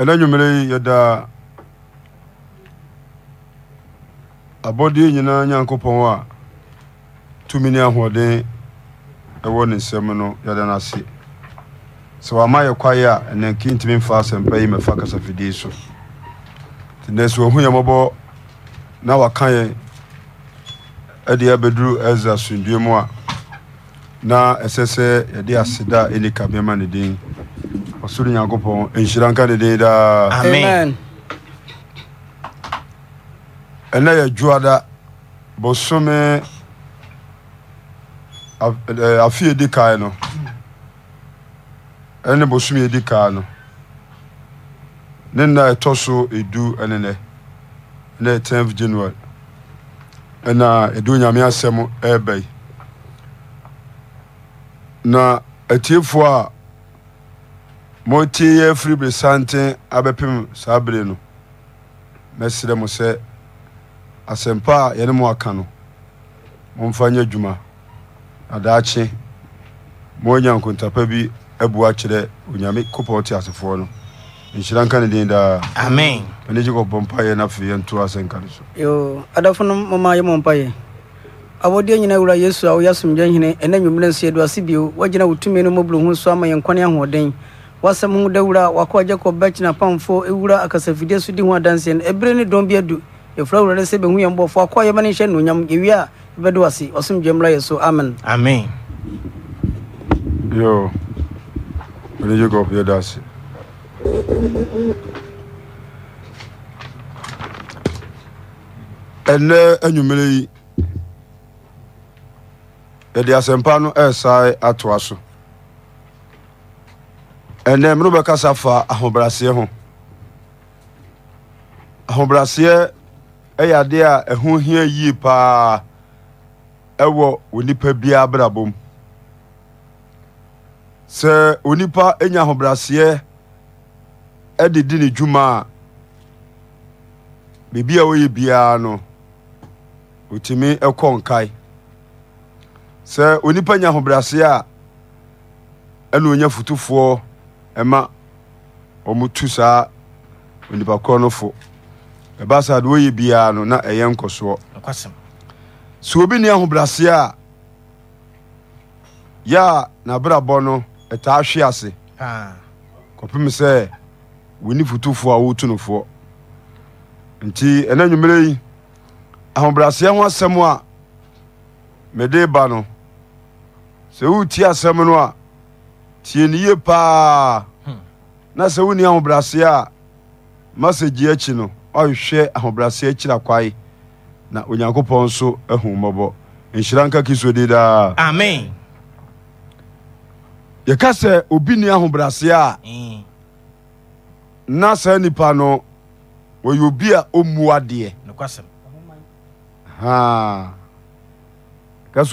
ɛna nwumere yi yɛda abɔdeɛ nyinaa nyankopɔn a tumi ne ahoɔden ɛwɔ ne nsɛm no yɛda no ase sɛ wama yɛ kwaeɛ a ɛnɛ kintimi mfa asɛmpa yi mɛfa kasafidie so nti nnɛ sɛ wahu yɛ na waka yɛn ɛde abɛduru ɛza asomdue mu a na ɛsɛ sɛ yɛde aseda ɛni kabɛma ne din suis nyankopɔn nhyira nka ne den daa amen ɛnɛ yɛ dwoada bosome afe edi kae no ɛne bosome edi kae no ne edu ɛne nɛ 10th january ɛna ɛdu nyame asɛm na atiefoɔ motie yɛ afiri besanten abɛpem saa bere no mɛserɛ mo sɛ asɛmpa a yɛne mo aka no momfa nyɛ adwuma adaakye moanya nkontapa bi abua kyerɛ onyame kopɔn te asefoɔ no nhyira nka ne din daa amen ɛne gye kɔpɔ mpayɛ no afei yɛnto asɛnka no so adafo no moma yɛ mɔ mpayɛ awɔdeɛ nyina wura yesu a woyɛ asomdwa hene ɛnɛ nwummerɛ nso yɛde ase bio woagyina wo tumi no mmɔborɔ hu so ama yɛnkwane ahoɔden wasɛm ho dawura wakɔ agya kɔba kyina pamfo ɛwura e akasafidie so di ho adanseɛ no ɛberɛ ne dɔn bi adu yɛfura e awurade sɛ bɛhu yɛn bɔfoɔ akɔ yɛma ne nhyɛ nonyam yɛwie e a yɛbɛde wase ɔsomdwa mmra yɛ so amen amen yo mede jacob yɛda ase ɛnɛ anwummerɛ yi yɛde asɛmpa no ɛresae atoa so ɛnɛ mene wobɛkasa fa ahobraseɛ ho ahobraseɛ ɛyɛ adeɛ a ɛho hia yie paa ɛwɔ onipa biara brabɔ mu sɛ onipa ɛnya ahobraseɛ ɛde di ne dwuma a biribi a wɔyɛ biara no ɔtumi ɛkɔ nkae sɛ onipa nya ahobraseɛ a ɛna ɔnya futufoɔ ɛma ɔmotu saa onipa korɔ no fo ɛba saa de wɔyɛ biara no na ɛyɛ nkɔsoɔ sɛ obi nni ahobraseɛ a yɛ a n'abrabɔ no ɛtaa hwe ase kɔpem sɛ wɔni fotufoɔ a wɔretu no foɔ nti ɛna nwummerɛ yi ahobraseɛ ho asɛm a mede ba no sɛ woretie asɛm no a tienye paa hmm. na sɛ wonii ahobrɛseɛ a masɛ gyee akyi no ɔwehwɛ ahobraseɛ kyira kwae na onyankopɔn so ahu mmɔbɔ nhyira nka ki sode daa yɛka sɛ obi nni ahobrɛseɛ a hmm. na saa nipa no wɔyɛ obi a ɔmmua deɛ yɛkasɛ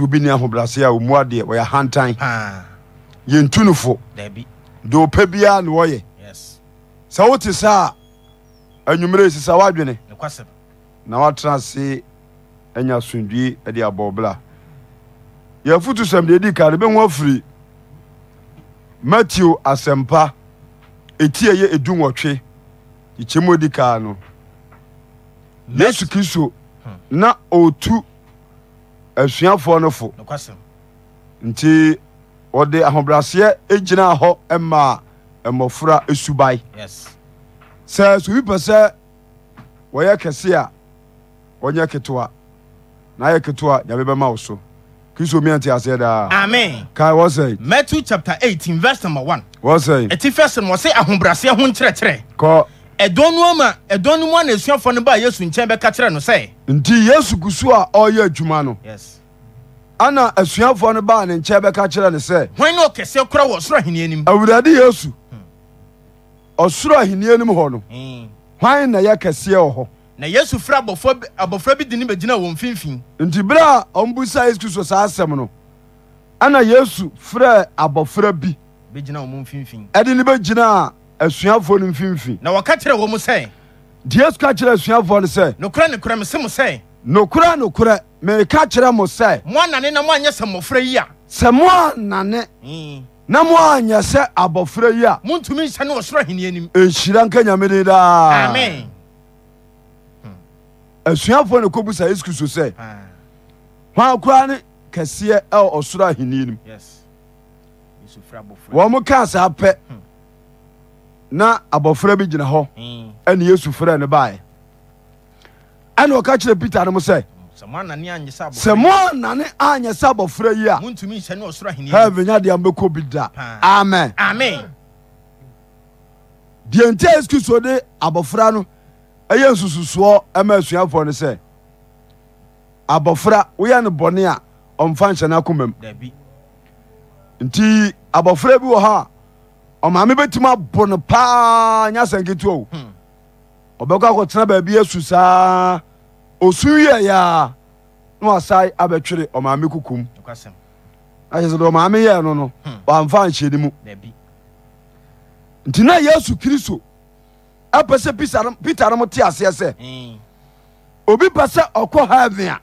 obi nni ahobrɛseɛ a ɔmua deɛ ɔyɛ ahantan yɛntu no fo deɛ ɔpɛ biara na wɔyɛ sɛ wote saa a anwummerɛ ɛsi sa woadwene na woatena ase anya asomdwie de abɔbla yɛafotu sɛm deɛ ɛdi ka de bɛhu afiri matthew asɛmpa ɛti ɛyɛ ɛdu nwɔtwe kyikyɛm a ɛdi kaa no yesu kristo hmm. na ɔtu asuafoɔ no fo nti wɔde ahobraseɛ gyina hɔ ɛmaa ɛmɔfora ɛsubae sɛ sɛ ofi pɛ sɛ wɔyɛ kɛse a wɔnyɛ ketowa na yɛ ketow a nyame bɛma wo so kristo mianti aseɛ daa8ɛk nti yesu kusuo a ɔyɛ adwuma no ana asuafoɔ no baa ne nkyɛn bɛka kyerɛ ne sɛ hwan ne ɔkɛseɛ kora wɔ ɔsoro ahenni anim awurade yesu ɔsoro ahenni anim hɔ no hmm. hwan na ɛyɛ kɛseɛ wɔ hɔ na yesu fira abɔfra bi de ne bɛgyina wɔn mfimfini nti berɛ a ɔmbusa yesu kristo saa asɛm no ana yesu frɛ abɔfra bi bɛgyina wɔn mfimfini ɛde ne bɛgyina a asuafoɔ no mfimfini na wɔka kyerɛ wɔn sɛ nti yesu ka kyerɛ asuafoɔ no sɛ nokorɛ nokorɛ mesɛ mo sɛ nokorɛ nokorɛ meka kyerɛ mo sɛ sɛ mo anane na mo anyɛ sɛ hmm. abɔfra yi a ɛhyira nka nyamede daa hmm. asuafoɔ no kɔbusa yɛsukuso sɛ ha ah. koraa ne kɛseɛ ɛ ɔsoro ahenniɛ nimwɔ mo ka saa pɛ hmm. na abɔfra bi gyina hɔ ɛne yɛsu frɛ ne baɛɛna kerɛpta sɛ mo anane anyɛsɛ abɔfra yi aa venyade a mbɛkɔ bi da amɛ deɛ nti ayes kristo de abɔfra no ɛyɛ nsususoɔ ma asuafoɔ no sɛ abɔfra woyɛ ne bɔne a ɔmfa nhyɛ ne ako ma m nti abɔfra bi wɔ hɔ a ɔmaame bɛtum abo no paa nyasɛnketeao hmm. ɔbɛkɔ akɔtena baabi asu saa ɔsum wiɛyɛa naasae abɛtwere ɔmaame kukm ɛhyɛsɛde ɔmaame yɛ no no hmm. amfaanhyɛni mu nti na yesu kristo ɛpɛ sɛ pita no mo te aseɛ sɛ hmm. obi pɛ sɛ ɔkɔ have a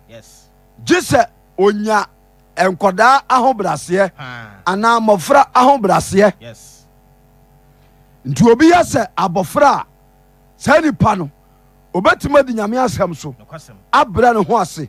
gye sɛ onya nkɔdaa aho brɛaseɛ anaa mmɔfra aho brɛaseɛ nti obi yɛ sɛ abɔfra a saa nipa no ɔbɛtuma di nyame asɛm so abrɛ ne ho ase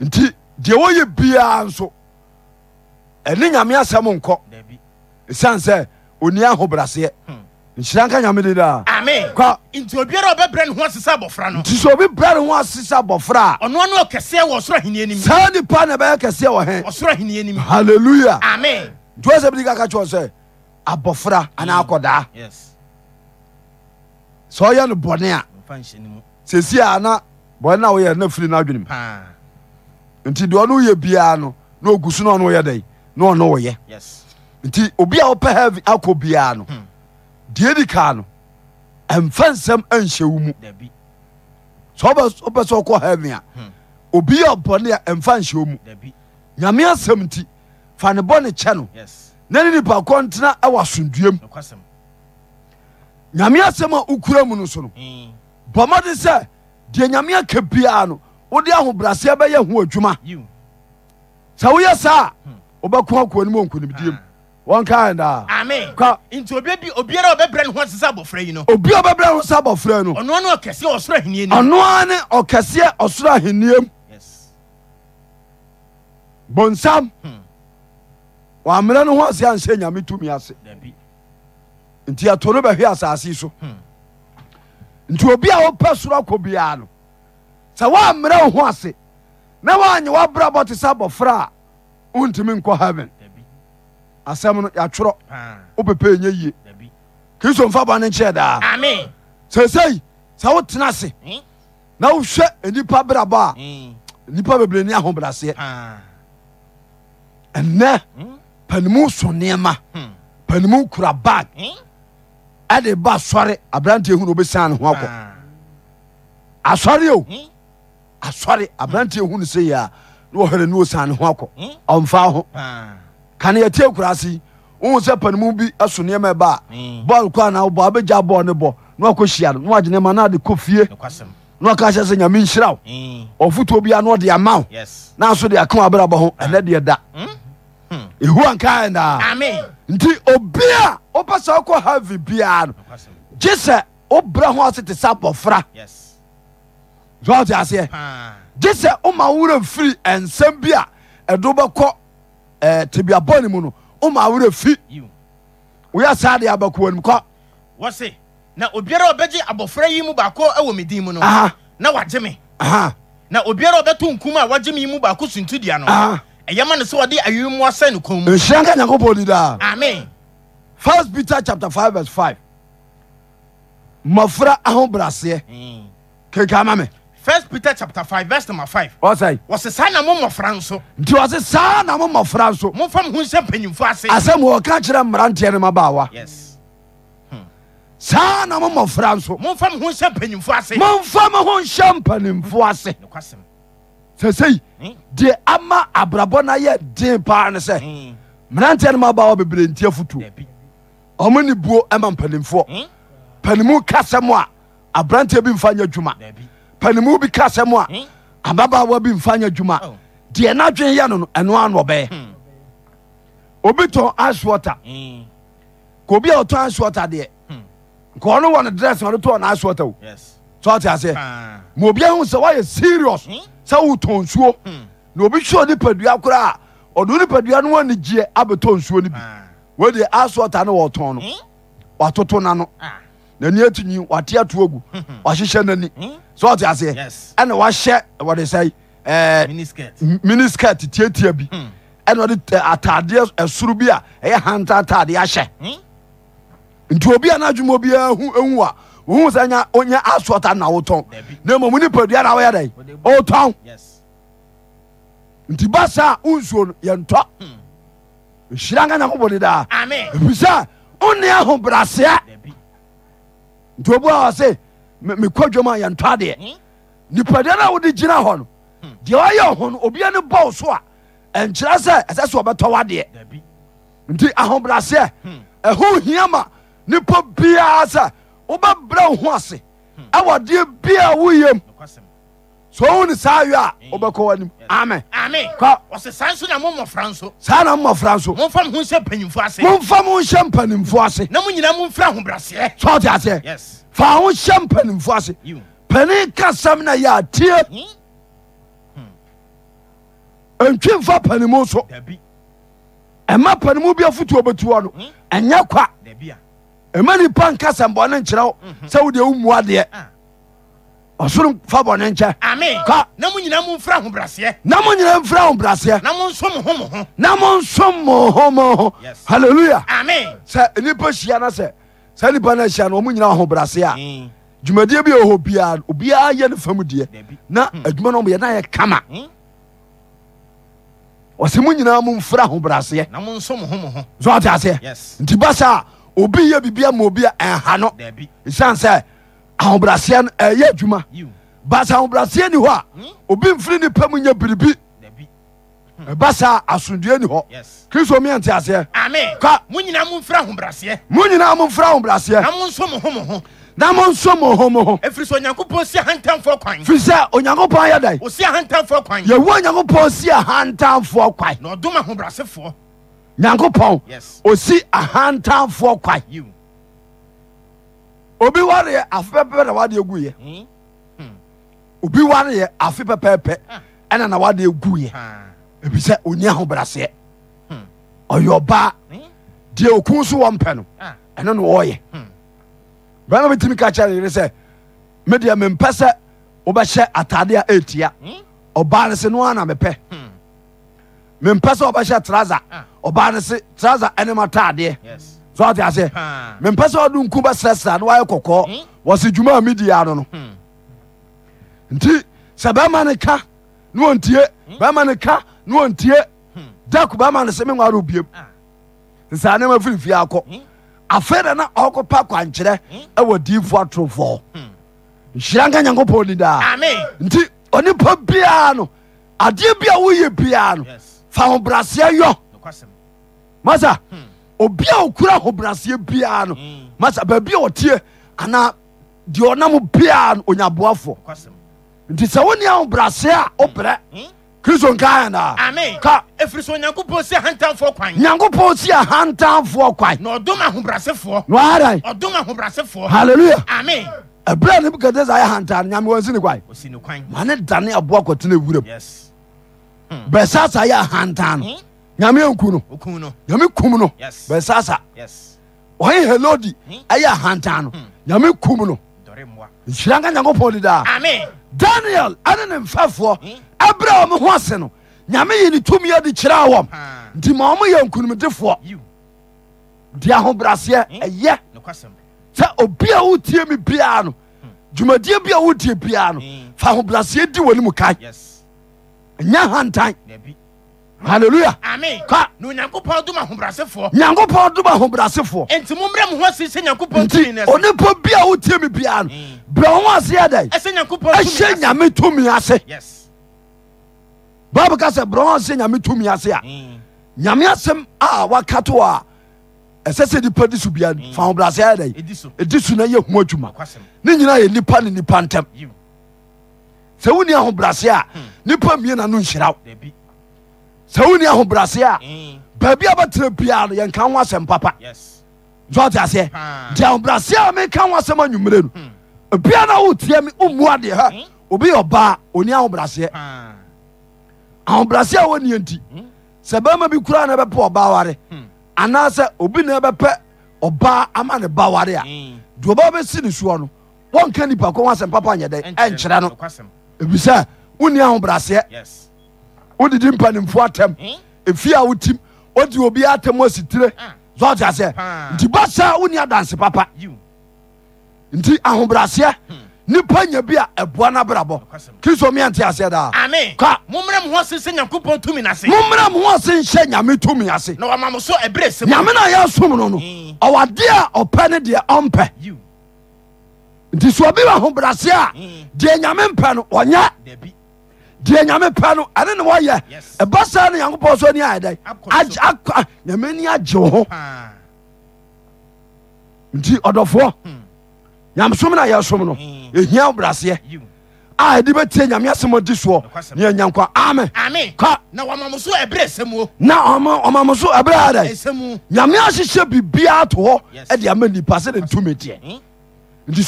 nti deɛ wɔyɛ biara nso ɛne nyame sɛm nkɔ ɛsiane sɛ onia hobraseɛ hmm. nkyira nka nyamede daanti sɛ obi brɛne ho ase sɛ bɔfrasade pa ne ɛbɛyɛ kɛseɛ wɔ h alleluya nti wa sɛ bidi kaka kɛwɔ sɛ abɔfra anaaakɔdaa hmm. sɛ ɔyɛ no bɔne a sesie a na bɔne na woyɛ na firi no adwenem nti deɛ ɔno yɛ biara no na ogu so na ɔno yɛ dɛn na ɔno wɔyɛ nti obi a wɔpɛ heaven akɔ biara no hmm. deɛ di kaa no ɛmfa nsɛm anhyɛ wo mu sɛ wopɛ sɛ ɔkɔ heaven a hmm. obi yɛ ɔbɔne a ɛmfa nhyɛ wo mu nyame asɛm nti fa ne bɔne kyɛ no na ne nipa kɔ ntena ɛwɔ asomdua mu nyame asɛm a wokura mu no so no hmm. bɔ mmɔden sɛ deɛ nyame aka biara no wode aho braseɛ bɛyɛ ho adwuma sɛ woyɛ saa a wobɛkɔ akonim wɔnkɔnimdim abiar ɔbɛbr nhosɛ bfrayi nɔnoar ne ɔkɛseɛ ɔsoro henniɛm bnsam wamerɛ no hmm. ho aseɛ annhyɛ nyame tumi ase enti ɛto no bɛhwe asase y sontiobia hmm. wopɛ soro k biaa sɛ woammerɛ wo ho ase na woanye woabrabɔ te sɛ abɔfra a wontumi nkɔ heaven asɛm no yɛatworɔ wopɛpɛ ɛnyɛ yie kristo mfa bɔ ne nkyɛɛ daa seesei sɛ wotena ase na wohwɛ nnipa brabɔ a nnipa bebree ni ahobraseɛ ɛnɛ panimu so nneɛma panimu kura bag ɛde ba asɔre aberante ehunu obɛsiane ho akɔ asɔre o asɔre aberanteɛ hu no sɛ yie a na wɔhɛrɛ ne ɔsan ne ho akɔ hmm? ɔmfa ho ah. kaneɛtie kurase wohu sɛ panimu bi aso nneɛma ɛba a hmm. bɔɔl kɔ anaa wobɔ abɛgya bɔɔl ne bɔ na wakɔ hyia no na wagye nneɛma na ade kɔ fie na waka hyɛ sɛ nyame nhyira wo hmm. ɔfotuo bia na ɔde ama wo na nso de aka abrabɔ ho ah. ɛnɛ deɛ da ɛhu ankaɛ daa nti obi a wopɛ sɛ wokɔ havi biaa no gye sɛ wobrɛ ho ase te sɛ abɔfra yes. aseɛ gye sɛ woma worɛ firi ɛnsɛm bi a ɛdo bɛkɔ eh, tebiabɔne mu no woma worɛ fi woyɛ saa deɛ abakoanim kɔ wɔ na obiara ɔbɛgye abɔfra yi mu baako wɔ me din mu no na wagye me na obiara ɔbɛto nkum a wagye me yi mu baako suntudua no ɛyɛ ma no sɛ wɔde awerɛmmoa sɛ no kɔn mu nhyira nka nyankopɔn di daa amen first peter chapter 5 verse 5 mmɔfra ahobraseɛ hmm. keka ma me petr nti se saa na momɔfra nsoasɛ mwɔɔka kyerɛ mmaranteɛ no mabawa saar na momɔfra nsomomfa mo ho nyɛ mpanimfoɔ ase sɛsei hmm. hmm? deɛ ama abrabɔ no yɛ den paa hmm. no sɛ marantiɛ no maba wa bebrɛntia fotu ɔmonebuo ɛma mpanimfoɔ panimu kasɛm a abrantiɛ bi mfa nya dwuma panimu bi ka asɛm a hmm? ababaawa bi mfa nyɛ adwuma oh. deɛ n'adwene yɛ no no ɛno ano ɔbɛyɛ hmm. obi tɔn ice water mm. ka obi a ɔtɔn ice water deɛ hmm. nka ɔno wɔ no dress na ɔde tɔn ice water o sɛ ɔte aseɛ ah. ma obi ahu sɛ woayɛ serious sɛ wotɔn nsuo na obi hwɛ ɔde padua koraa a ɔde wo nipadua no wanigyeɛ abɛtɔ nsuo no bi ah. wei ice water no wɔtɔn no watoto nano. Ah nani atunyi wate ato agu hmm, hmm. wahyehyɛ n'ani hmm? so ɔte aseɛ ɛna wahyɛ wɔde mini skirt tiatia bi ɛna ɔde eh, atadeɛ eh, ɛsoro bi a ɛyɛ eh, hanta atadeɛ ahyɛ nti obi a n'adwuma obiara hu a wohu sɛ nya onyɛ asɔta na wotɔn na mmom nipadua na woyɛ dɛn ɔtɔn nti ba saa wonsuo no yɛntɔ ɛhyira nka nyankopɔn de daa ɛfiri sɛ wonne nti obu a wɔ se meka dwam a yɛnta adeɛ nipadeɛ no wode gyina hɔ no hmm. deɛ wɔyɛ ho no obia no bɔl so a ɛnkyerɛ sɛ ɛsɛ sɛ wɔbɛtɔ w'adeɛ nti ahobraseɛ hmm. ɛhohiama nipo biara sɛ wobɛbrɛ wo hu ase hmm. ɛwɔ deɛ biaa woyam sɛ owune saa yɛ a obɛkɔw nim amesaa na momafra nsomofa moyɛ mpanifɔ asɛ faaho hyɛ mpanifo ase pani ka sɛm noyɛatie hmm. hmm. ntwi mfa panim so ɛma panimu biafotu obɛtu wa no hmm. ɛnyɛ kwa ɛma nipa nka sɛmbɔ ne nkyerɛ w mhm. sɛ wo deɛ wo mua deɛ ɔsor fa bɔno nkyɛmɛallla sɛ nipa sia nosɛ saa nipa no sia no ɔmu nyina hobrɛseɛ a dwumadiɛ bi aɔhɔ bi obiyɛno famu deɛ na adwuma nyɛayɛkama ɔs mo nyinaa mmfra horsɛsɛ ntbasa obi yɛ bibia maobia ɛnha no siane sɛ ahobraseɛ no ɛyɛ adwuma ba sa ahobraseɛ ni hɔ a hmm? obi mfini nipa mu nya biribi ɛba saa asondua ni hɔ kristo miɛ nte aseɛmonyina momfrɛ ahorɛ monso mofii sɛ onyankopɔn yɛdayɛwu onyankopɔn s ahanmfoɔ kwan nyankopɔ osi ahantamfoɔ kwan obi wareyɛ afe pɛpɛpɛ na wade gu yɛ hmm? hmm. obi wareyɛ afe pɛpɛpɛ ah. ɛna na wade gu yɛ ah. sɛ oni ahobraseɛ hmm. ɔyɛ ɔbaa deɛ oku so wɔ mpɛ no ah. ɛno na ɔɔyɛ bɛrima bitumi ka kyerɛ yere sɛ me deɛ mempɛ sɛ wobɛhyɛ atade a ɛtia ɔbaa no se no ana mepɛ mempɛ sɛ wobɛhyɛ traza ɔbaa no se traza ɛne m ataadeɛ so ɔte aseɛ mempɛ sɛ ɔde nku bɛsrɛsrɛ na wayɛ kɔkɔɔ hmm? wɔse dwuma a medi ano no hmm. nti sɛ bɛrima no ka na ɔntie bɛrima no ka na ɔntie dak bɛrima no sɛ menwa no obiam ah. nsa nneɛma firi fie akɔ hmm? afei da na ɔkɔpa kwankyerɛ ɛwɔ diifo atorofoɔ nhyira nka nyankopɔn ni daa nti onipa biara no adeɛ bi a woyɛ biara no fa ho braseɛ yɔ masa hmm. obia okura aho braseɛ bia no mm. as baabia ɔteɛ ana deɛ ɔnam bia no oyaboafoɔ nti sɛ wonni ahobraseɛ a wobrɛ mm. mm. kristo nkaoyankopɔn si hantanfoɔ kwanallelua ɛbrɛ nebukadnessa yɛanta yaansini kwa mane dane aboa katena wuramu hmm. bɛsa sa yɛ hanta no hmm. nyame anknoyamekumno bɛsasa helodi ɛyɛ hantan no nyame kum nonhyira hmm? hmm. nka nyankpɔndda daniɛl ne ne mfafoɔ abramho hmm? se no nyameyi ne tomyɛde kyirɛw nti maomyɛnkunumdefoɔ deahoraseɛ ɛyɛ sɛ obia wotie me ba no dwumadeɛ bia wodie ba no fa horaseɛ di wanemu kan ɛyɛanta halleluya Amen. ka na onyankopɔn dom ahobrasefoɔ nyankopɔn dom ahobrasefoɔ enti mommrɛ mo ho ase sɛ nyankopɔn tumi nɛ onipa wotie me biara no brɛ wa ho aseɛ dɛn ɛsɛ nyankopɔn ɛhyɛ nyame ase yes bible ka sɛ brɛ wa ho aseɛ nyame tumi ase a nyame asem a waka to a ɛsɛ sɛ nipa di so bia fa ahobraseɛ dɛn Edisu. Edisu na yɛ ho adwuma ne nyinaa ye nipa ne nipa ntɛm sɛ ni ahobraseɛ a hmm. nipa mmiena no nhyira sɛ woni ahobraseɛ a mm. baabi a bɛtera hmm. hmm? hmm? bi yɛka woasɛm papa ɛhorasɛmkahosɛm urɛ wohoraɛ hrsɛɛkwobbɛpɛ ba amane baware doabɛsino suono waka nipa ksɛm papay nkyerɛ no bisɛ won ahobraseɛ wodedi mpafɛf wot di bi tmasitir ah. sasɛnti basa woni adanse papa nti ahobraseɛ hmm. nipa nya bi a aboa nobrabɔ krisomiant aseɛ damomra mhosenhyɛ nyame tmi asenyame noyɛsom no no wadea ɔpɛno deɛ ɔmpɛ nti soa bi w ahobraseɛ a deɛ nyame mpɛ no yɛ dɛyame pɛno ne nwy basa yakpɔ nti df yamesomnyɛsono ramasrɛ yame syeyɛ birbiɛɛɛm np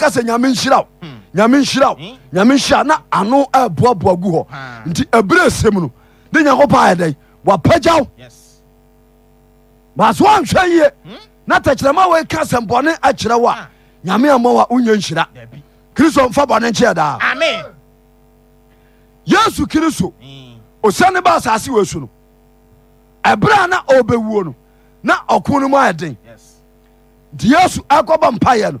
asa yame ira yamnyiraayirna hmm? anoababoaghntibrɛsemn e yankopaɛd wpɛa baaswonswan ye hmm? natekyerɛma weka sɛ bɔne akyerɛwa nyamemaa wyanyira kristo mfa bɔne nkyɛda yesu kristo osiane hmm. ba asase wsuno ɛbrɛ na bwono na konomaɛdennti yesu ɛk mpayo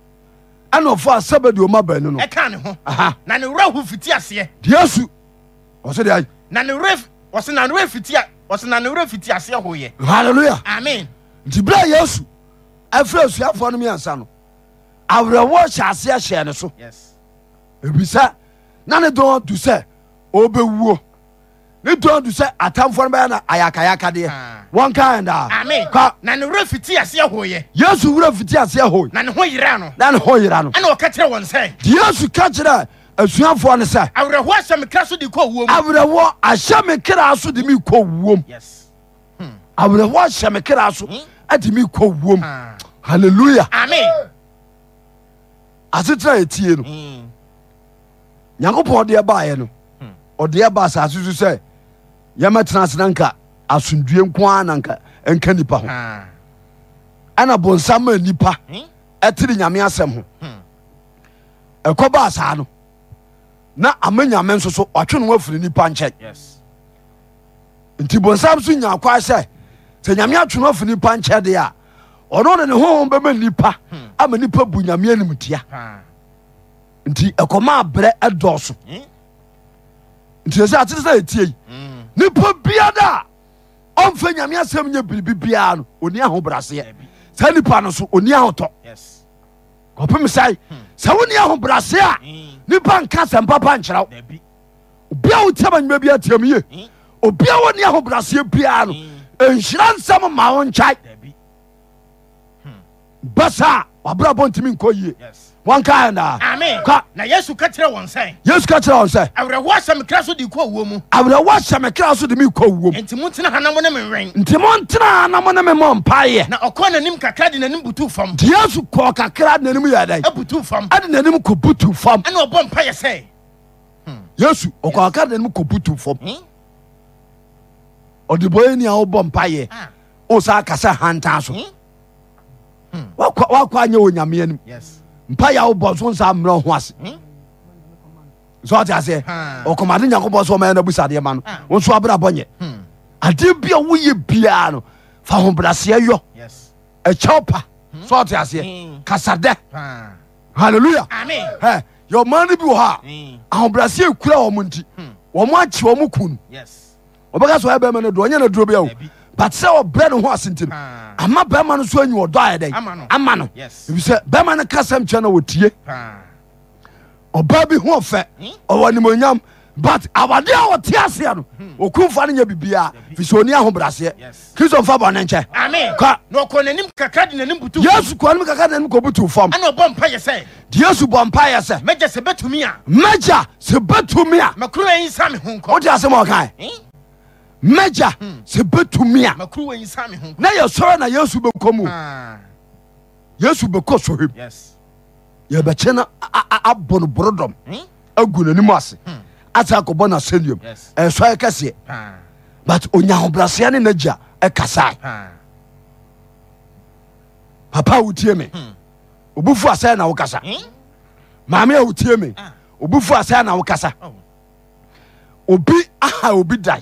ɛna ɔfa asɛbɛdi ɔma baanu no ɛka ne ho aha na ne werɛ ho fiti aseɛ yesu ɔsɛ de ayi na ne werɛ ɔsɛ na ne werɛ fiti a ɔsɛ na ne werɛ fiti aseɛ hoyɛ hallelujah amen nti bere a yesu afiri asuafoɔ no mmiɛnsa no awerɛwɔ hyɛ aseɛ hyɛɛ ne so yes ebisa na ne dɔn du sɛ ɔbɛwuo ne tɔn du sɛ atamfoɔ no bɛyɛ na ayakayakadeɛ ah. wɔn kan daa. ami ka na ne wura fiti aseɛ hoo yɛ. yesu wura fiti aseɛ hoo. na ne ho yira no. na ne ho yira no. ɛna ɔka kyerɛ wɔn sɛ. yesu ka kyerɛ asuafoɔ no sɛ. awerɛhoɔ ahyɛmekra so de ko wuom. awerɛhoɔ ahyɛmekra so de mi kɔ wuom. Hmm. awerɛhoɔ ahyɛmekra so de mi ko wuom. Ah. hallelujah. ami. asetena etie no. Hmm. nyankopɔn deɛ baayɛ no hmm. ɔdeɛ ba asase so sɛ. yɛmɛtena na nka asomdue nko a na ɛnka nipa ho ɛna bonsam ma nipa hmm? ɛtere nyame asɛm ho hmm. ɛkɔ baa saa no na ama nyame nso so ɔtwe no wafiri nipa nkyɛn nti bonsam so nya kwa sɛ sɛ nyame atwe no afiri nipa nkyɛn deɛ a ɔno de ne hohom bɛma nipa hmm. ama nipa bu nyame animtia nti ɛkɔma abrɛ ɛdɔɔso nti ɛsɛ atete sɛ ɛtie yi nnipa bia daa ɔmfɛ nyame sɛm nyɛ biribi biara no oni aho braseɛ saa nnipa no so onni aho tɔ kɔpemesae hmm. sɛ wo nni aho braseɛ a hmm. nipa nka sɛ mpa pa nkyerɛw obia wo tiam nnwuma bi antiɛmye hmm. obiawa ni aho braseɛ biara no ɛnhyira nsɛm ma wo nkyae mba saa a wabrabɔ ntimi nkɔ yie wɔnkaɛnaa na yesu ka kyerɛ wɔn sɛn yesu ka kyerɛ wɔn sɛ awerɛhoɔ asɛm kra so de kɔ wuo mu awerɛhoɔ asɛm kra so de me kɔ wuo mu nti montena hanam ne me wɛn nti montena hanam ne me mmɔ mpaeɛ na ɔkɔ n'anim kakra de n'anim butu fam nti yesu kɔɔ kakra de n'anim yɛ dɛn abutu fam ɛde n'anim kɔ butu fam ɛna ɔbɔ mpaeɛ sɛ hmm. yesu ɔkɔ kakra de n'anim kɔ butu fam hmm? ɔdebɔyɛ ni a wobɔ mpaeɛ o ah. sa kasa hantan so hmm? wakɔ anyɛ wɔ nyameɛ nim yes. mpa yà wò bọ̀ so nsa mìíràn ho ase hmm? so ɔte aseɛ ɔkɔmade nyankopɔn sɛ ɔmayɛ no abusadeɛ ma no ah. wo nso abrɛ bɔ nyɛ hmm. bi a woyɛ biaa no fa hobraseɛ yɔ ɛkyɛw pa hmm. so ɔte aseɛ kasadɛ halleluya yɛɔma no bi wɔ hɔ a ahobraseɛ kura wɔ mo nti wɔ mo akye wɔ mo ku no ɔbɛka sɛ ɔyɛ bɛma no do ɔnyɛ no duro bi a o but sɛ ɔbrɛ ne ho ase nti no ama bɛrima no so anyi ɔdɔ ayɛ dɛn ama no ebisɛ bɛrima no kasɛm kyerɛ na wɔtie ah. ɔbaa bi ho ɔfɛ hmm? ɔwɔ nimonyam but awade a wɔte aseɛ no ɔkumfa hmm. no nyɛ biribiaa firi sɛ ɔni ahobraseɛ kristo mfa bɔ ne nkyɛ yesu kɔ anim kaka nanim kɔbutu fam nti yesu bɔ mpayɛ sɛ mɛgya sɛ bɛtumi a wode asɛm ɔkae hmm? megya sɛ bɛtumi a na yɛsɔre na yesu bɛkɔ mu ah. yesu bɛkɔ sɔhwem yɛbɛkyɛ no abɔ no borodɔm hmm? agu n'anim ase hmm. asa akɔbɔ no asɛnnuam ɛsɔre kɛseɛ ah. but onyahobrɛseɛ ne n'agya ɛkasae ah. papa a wotie me hmm. obufu asɛe na wokasa maame a wotie me obufu asɛe na wokasa oh. obi aha obi dae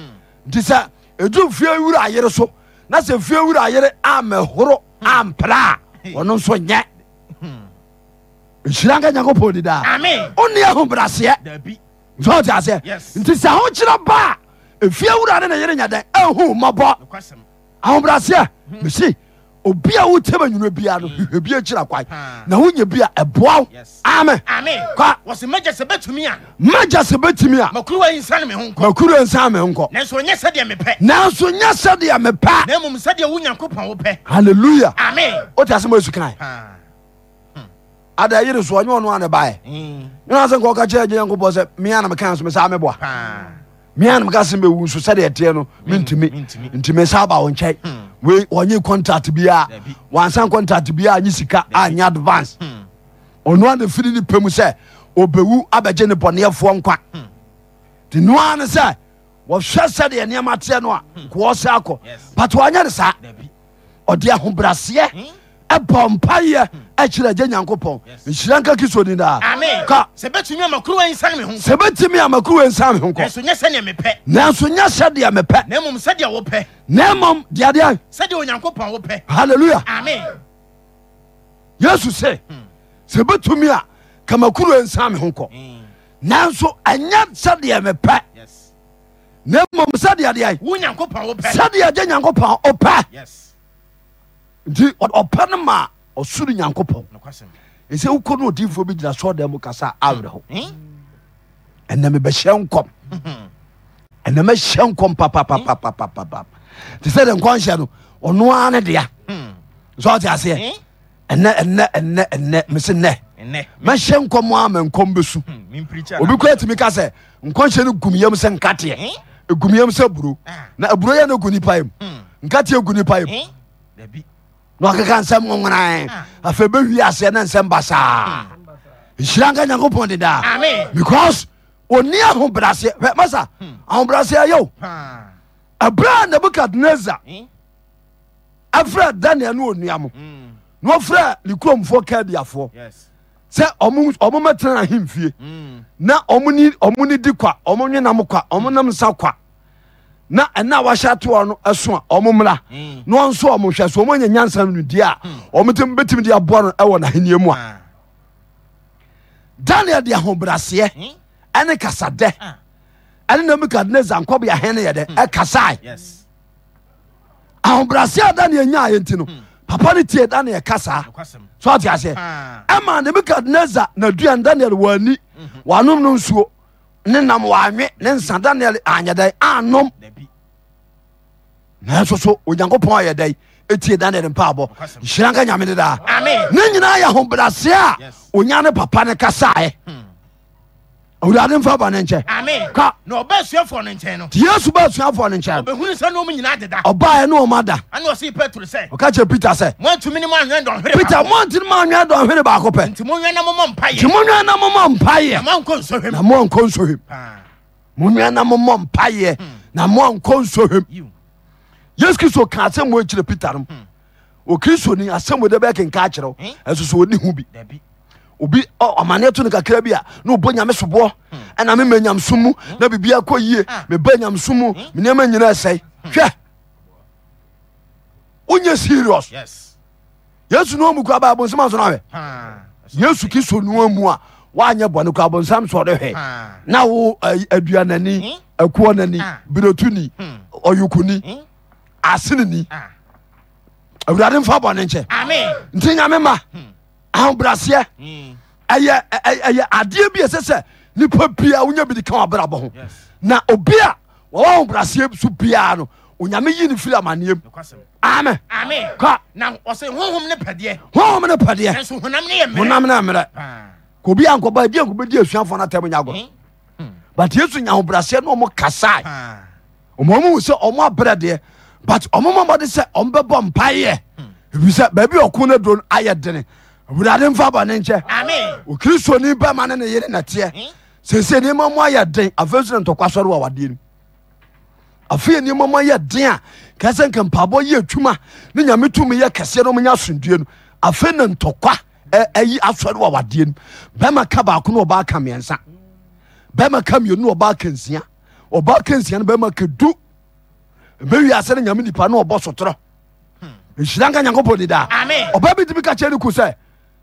nti sɛ ɛdu fie wura ayere so na sɛ fie wura ayere amɛhoro ampra a ɔno nso nyɛ nhyira nka nyankopɔn di daa wonne ahu braseɛ nti aseɛ nti sɛ ahokyerɛ ba a ɛfie wura ne ne yere nya dɛn mmɔbɔ ahobraseɛ mhm. mesi obi a woteba yun bia no hebi mm. kyira kwa na wonya bia ɛboa m maja sɛ bɛtumi kr nsan monknanso nya sɛde mepaalleluya wot asɛ ma su ka ade yere soɔnyoonoane ba yunsɛ ka kaky ya nyankupɔn sɛ hmm. hmm. meana meka so mesaa meboa miana mekasɛ mewu so sɛdeɛ teɛ no mentimi mm, nti me sa ba wo nkyɛe hmm. wei ɔnye contract biaa wansan contract biaa nye sika anya advance hmm. ɔno a ne firi ne pɛ mu sɛ obɛwu abɛgye ne bɔneɛfoɔ nkwa hmm. nti noa ne sɛ wɔhwɛ sɛdeɛ nneɛma teɛ no a koɔ sɛ akɔ but wanyɛ ne saa ɔde ahobraseɛ ɛbɔ mpayɛ akyere gye nyankopɔn nhyira nkaki soni dɛ ɛtmimar soysɛ de mp yesu s hmm. sɛ bɛtumi a kamakr nsa m yde mdnynk ɔsoro nyankopɔn ɛsɛ wokɔ no odiifoɔ bi gyina sɔɔda mu kasa awerɛ hɔ hmm? ɛnɛ mebɛhyɛ nkɔm hmm. ɛnɛ mɛhyɛ nkɔm papapapapapapa te sɛ de nkɔnhyɛ no ɔno ara ne dea hmm. sɛ ɔte aseɛ ɛnɛ ɛnɛ ɛnɛ ɛnɛ mese nnɛ mɛhyɛ nkɔm a ma nkɔm bɛsu obi kora tumi ka sɛ nkɔnhyɛ no gumyam sɛ nkateɛ ɛgumyam sɛ buro ah. na aburo yɛ no gu nipa yam nkateɛ gu nipa yam na wakeka nsɛm wowena ah. afei bɛwi aseɛ ne nsɛm basaa hmm. nhyira nka nyankopɔn de daa because oni ahobraseɛ masa hmm. ahobraseɛ yo ɛberɛ a nebukadnessar ɛfrɛ hmm. daniel ne onua mo na wɔfrɛ ne kuromfoɔ kaldiafoɔ sɛ ɔmomɛtena ahemfie na ɔmo ne di kwa ɔmo nwenam kwa ɔmo nam nsa kwa na ɛna wahyɛ toɔ no ɛso a ɔmo mmra mm. na ɔnso ɔmo hwɛ so ɔmo anya nyansa no deɛ a mm. ɔmotumi bɛtumi de aboa no ɛwɔ n'ahenniɛ mu a ah. daniel de ahobraseɛ hmm? ɛne kasadɛ ah. ɛne nebukadnezar nkɔbea hɛn no yɛdɛ hmm. ɛkasae ahobraseɛ a daniel nyaa yɛ nti no hmm. papa no tie daniel kasaa so ate aseɛ ah. ɛma nebukadnezar naduan daniel wɔani mhm. wɔanom no nsuo ne nam wanwe ne nsa daniel anyɛ dɛn anom nanso so onyankopɔn ayɛ dɛn ɛtie daniel mpaabɔ nhyira nka nyame dedaa ne nyinaa yɛ ahobraseɛ a onya ne papa ne kasaɛ hmm awurade mfa bɔ ne nkyɛ ka na ɔba asuafoɔ no nkyɛn no nti yesu ba asuafoɔ no nkyɛn ɔbɛhunu sɛ na ɔmu nyinaa deda ɔbaeɛ ne ɔma da ɛne ɔse petro sɛ ɔka kyerɛ peter sɛ moantumi ne moanwɛ dɔnhwere peter moantene moanwɛ dɔnhwere baako pɛ nti monwɛ na momɔ mpayɛ nti monwɛ na momɔ mpayɛ na moankɔ nsɔhwem na moankɔ nsɔhwem monwɛ na momɔ mpayɛ hmm. na moankɔ nsɔhwem yesu kristo ka asɛm wɔ kyerɛ peter no okristoni hmm. asɛm wɔ dɛ bɛkenka kyerɛw hmm. ɛso so ɔni ho bi obi ɔmane oh, to no kakra bi a na ɔbɔ nyame soboɔ ɛna mema nyamsom mu na biribia kɔ yie ah. meba nyamsom hmm? mu menneɛma nyina ɛsɛe hmm. hwɛ wonyɛ serious yesu no mu kora ba abonsam no hwɛ yesu kristo no mu a woanyɛ bɔne kora abonsam so ɔde hwɛ na wo eh, aduanani hmm? akuɔ nani birɛtuni ɔyokoni aseneni awurade mfa bɔne nkyɛ nti nyame ma hmm ahobraseɛ mm. ɛyɛ ɛyɛ adeɛ bi ɛsɛ sɛ nipa bia wonya bi de ka wabrabɔ ho na obi a wɔwɔ ahobraseɛ so biara no onyame yi ne firi amanneɛm amen na ɔsɛ honhom ne pɛdeɛ honhom ne pɛdeɛ nso honam ne yɛ mmerɛ honam ne mmerɛ ah. obi ankɔba ebi ankɔbɛdi asuafoɔ no atɛm nyagɔ eh? hmm. but yesu nyahobraseɛ no ɔmo kasae ah. ɔmɔmu sɛ ɔmo abrɛ deɛ but ɔmomɔmɔde sɛ ɔmbɛbɔ mpayɛ ɛfiri hmm. sɛ baabi a ɔko no aduro no ayɛ dene awurade mfa bɔne nkyɛ okristoni bɛma ne ne yere nɛteɛ hmm? sese nneɛma mu ayɛ den afei nso ne ntɔkwa sɔre wɔ awadeɛ no afei nneɛma mu ayɛ den a kɛsɛ nkɛmpabɔ yɛ adwuma ne nyame tumi yɛ kɛseɛ no monyɛ asomdue no afei ne ntɔkwa ayi asɔre wɔ awadeɛ no bɛma ka baako no ɔbaa ka mmiɛnsa bɛma ka mmienu no ɔbaa ka nsia ɔbaa ka nsia no bɛma ka du bɛwie asɛ ne nyame nipa no ɔbɔ sotorɔ hmm. nhyira nka ni daa ɔbaa bi tumi ka kyerɛ ne ku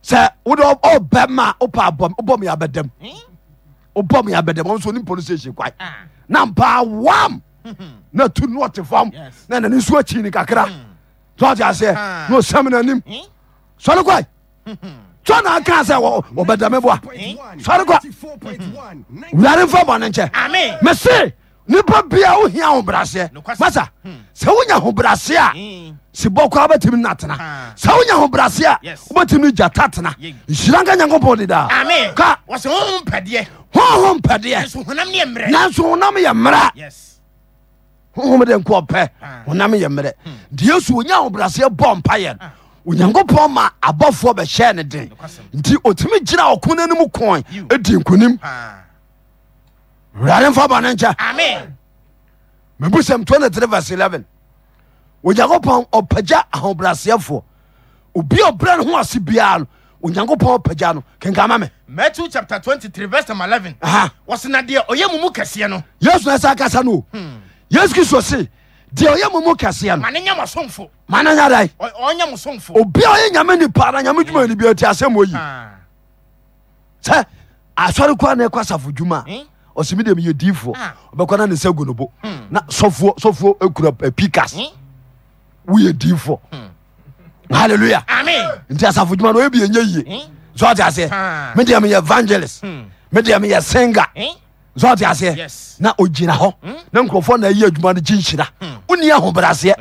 sɛ wode ɔbɛ ma wopa wobɔ mu yɛabɛdam wobɔ mu yɛabɛdam ɔm so ne mpo no sɛhyɛ kwae ah. na mpaa wam na tu no ɔte fam na nane nso akyi ne kakra hmm. sɔte aseɛ ah. na ɔsɛm no anim hmm? sɔre kwae sɔ na aka sɛ wɔbɛdame boa hmm? sɔre kwa wurare mfa bɔne nkyɛ mese nipa bia wo hia ahobraseɛ masa hmm. sɛ wonya ahobrase a hmm. sibɔ koa wobɛtumi no atena sɛ wonya ahobrase a wobɛtumi no gyata tena nhyira nka nyankopɔn de daa honho mpɛdeɛ nanso honam yɛ mmara honhom de nko ɔpɛ honam yɛ mmerɛ hmm. nti yesu onya ahobraseɛ bɔ mpayɛ no ah. onyankopɔn ma abɔfoɔ bɛhyɛɛ no den nti ɔtumi gyina ɔko no kɔn ɛdi nkonim wurade mfa bɔne nkyɛ mebu 23 vs 11 onyankopɔn ɔpagya ahobraseɛfoɔ obi ɔbrɛ no ho ase biara no onyankopɔn ɔpagya no kenkama me matthew chapter 23 verse 11 wɔsena deɛ ɔyɛ mu mu kɛseɛ no yesu na ɛsa kasa no o hmm. yesu kristo se deɛ ɔyɛ mu mu kɛseɛ no mane nya masomfo mane nya dae ɔnyɛ mosomfo obi a ɔyɛ nyame nipa na nyame dwuma ni bia ti asɛm ɔyi ah. sɛ asɔre kwa na ɛkɔ asafo dwuma a eh? ɔsimi deɛ meyɛ diifoɔ ah. ɔbɛkɔ na ne sɛ gu no bo hmm. na sɔfoɔ sɔfoɔ ɛkura pikas hmm. woyɛ diifoɔ hmm. halleluya nti asafo dwuma no ɔyɛbi ɛnyɛ yie sɛ ɔte aseɛ ah. medeɛ meyɛ evangelist medeɛ meyɛ singer sɛ ɔte aseɛ na ɔgyina hɔ na nkurɔfoɔ na ɛyɛ adwuma no kyinhyira wonni ahobraseɛ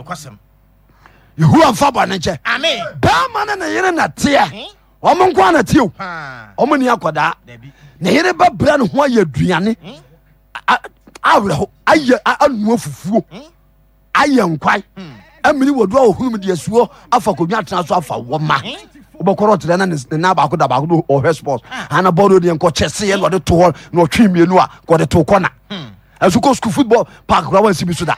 yehowa mfa bɔne nkyɛ bɛɛma ne ne yere na teɛ ɔmo nko a na teɛ o ɔmo ni akɔdaa ne yere bɛbrɛ ne ho ayɛ aduane awerɛho anua fufuo ayɛ nkwae amini wɔdua wɔhunum de asuo afa konwa atena so afa wɔ ma wobɛkɔrɔ terɛ na ne na baako da baako ɔhwɛ sports ana bɔɔl deɛ nkɔ kyɛseɛ na ɔde to hɔ na ɔtwe mmienu a kɔde to kɔna ɛso kɔ school football park kora wansi bi so da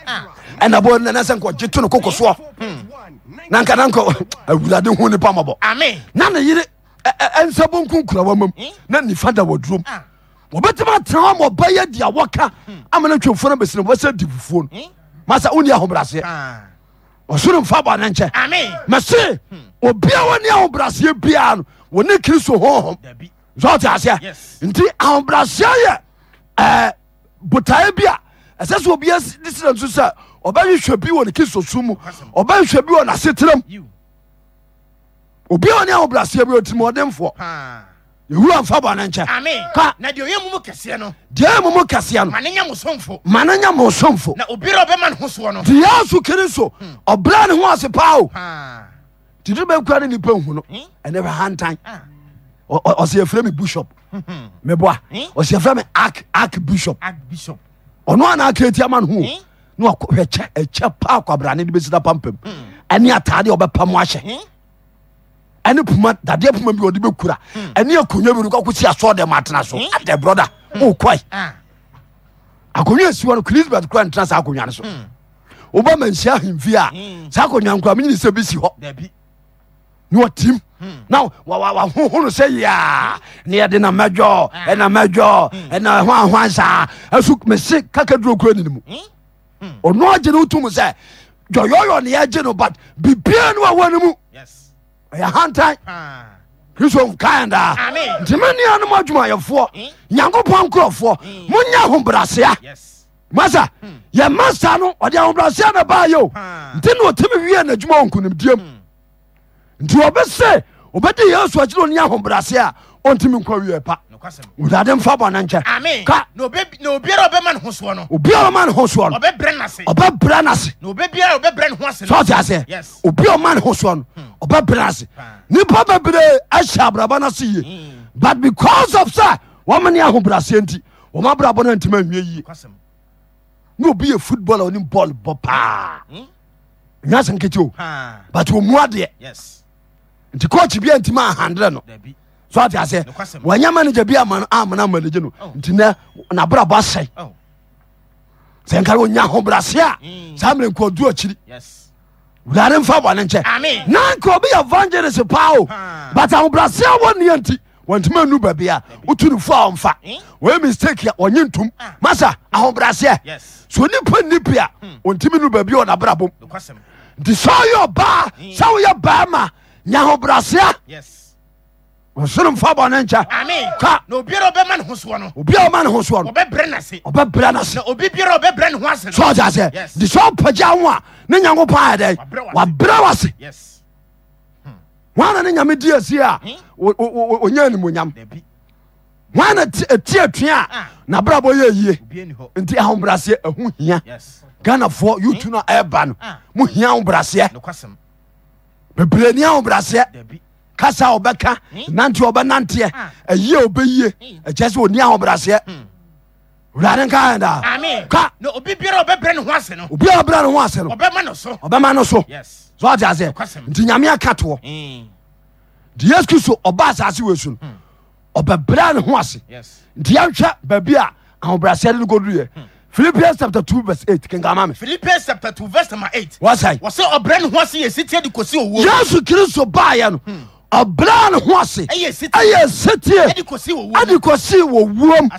ɛna bɔɔl nana sɛ nkɔgye to ne kokɔ soɔ hmm. na nka na nkɔ awurade ho nipa mɔbɔ na ne yere ɛnsa bonku nkurawa mam hmm? na nifa da wɔdurom ah. wɔbɛtumi atena hɔ ma ɔbɛyɛ dea wɔka hmm. amana twemfoɔ no bɛsina wɔbɛsɛ di fufuo no masa wonni ahobraseɛ ah. ɔsoro mfa bɔne nkyɛ mɛse hmm. obia wɔne ahobraseɛ biara no wɔne kristo honhom sɛ ɔte aseɛ nti ahobraseɛ yɛ eh, botaeɛ bi a ɛsɛ sɛ obia de sena nso sɛ ɔbɛhwehwɛ bi wɔ ne kristo su mu ɔbɛhwehwɛ bi wɔ n'aseteram obi a ne ahobraseɛ bi ɔtiri mɔdenfoɔ ewura nfa bɔ ne nkyɛn. ka na deɛ oyɛ mumu kɛseɛ no. deɛ mumu kɛseɛ no. ma ne nya musomfo. ma nya musomfo. na obi a ɔbɛma ne ho soɔ no. deɛ asu kiriso hmm. ɔbila ne ho ase paa o. titiri bɛ kura ne nipa nhu no hmm? ɛnɛ bɛ hantan ɔsi efirɛ mi bishop mɛ bɔ a ɔsi efirɛ mi ak ak bishop ɔno ana ake eti ama ne ho hmm? na ɔhwɛ kyɛ ɛkyɛ paa kwabrane de bɛ si pampam ɛne ataade ɔbɛ pam ahyɛ ɛne puma dadeɛ puma bi ɔde bɛkura ɛne hmm. akonnwa bi nokɔ kɔsi asɔ dɛ matena so hmm? adɛ brɔda hmm. wokɔe ah. akonnwa asiwa no elizabeth kora ntena saa akonnwa no so woba manhyia ahemfie a saa akonnwa nkora menyene sɛ bɛsi hɔ ne ɔtim na wahohono sɛ yia ne yɛde na mɛdwɔ ah. ɛna mɛdwɔ ɛna ɛho ahoa saa ɛso mese kakaduro kura nini mu ɔno agye ne wotom sɛ dɔyɔyɔ ne yɛagye no but bibia no a no mu yes. yɛhantan crisokadaa ah. nti mannia nom adwumayɛfoɔ hmm. nyankopɔn nkurɔfoɔ hmm. monyɛ ahobrasea masa hmm. yɛ masta no ɔde ahobrasea na bayɛo ah. nti na ɔtimi wiɛ noadwuma ɔnkonimdim nti ɔbɛsɛ ɔbɛde yɛ suakyirɛ ɔniya ahobraseɛ a ɔntimi nka wie pa wurade mfa bɔne nkyɛ ka obiara ɔbɛma ne ho soɔ no obiara ɔma ne ho soɔ no ɔbɛbrɛ nase sɛte aseɛ obiara ɔma ne ho soɔ no hmm. ɔbɛbrɛ nase nipa bebree ahyɛ abrabɔ no se yie hmm. but because of sɛ wɔma ne ahobraseɛ nti wɔma abrabɔ no antimi anwie yie na obi yɛ football a ɔne bɔl bɔ paa hmm? nyasɛ nkete but ɔmu adeɛ nti coach bia ntimi ahandrɛ no so ate aseɛ wanya manager bi amana manager no nti se nka ro nya ho bra se a samre ko du mmerɛ chiri yes wurade mfa bɔne nkyɛ na nka obi yɛ evangelist paa o ah. but ahobrɛaseɛ wɔ nnea nti wɔntumi anu baabi a wotu no fo a mfa we mistake a wɔnye ntom masa yes so ni ni pon onipa won pi a ba bia baabi a ɔnabrabom nti sɛ woyɛ ba sɛ woyɛ ba ma nya ho bra se yes srfanpaw ne yankopa brsen ne yame s yanmyam ntia tu ro rasɛ kasa ɔbɛka hmm? nanteɛ ɔbɛnanteɛ ɛyie ɔbɛyie ah. ɛkyɛ hmm. sɛ ɔni ahobraseɛ wurade hmm. nka yɛn daa obi biara ɔbɛbrɛ ne ho ase no ɔbɛma no so sɛ ɔte aseɛ nti nyame aka toɔ nti yesu kristo ɔba asase wɔ su no ɔbɛbrɛ ne ho ase nti yɛnhwɛ baabi a ahobraseɛ de no kɔduruyɛ philippians chapter two verse eight kankama mi. philippians chapter two verse number eight. wọ́n sẹ́yìn. wọ́n sẹ́ ọ̀bẹ̀rẹ̀ ni wọ́n sì yẹ sí tiẹ̀ di kò sí òwò. yéésù kristu báyẹ̀ no ɔbraa ne ho ase ɛyɛ setie ɛde kɔsii wɔ wuom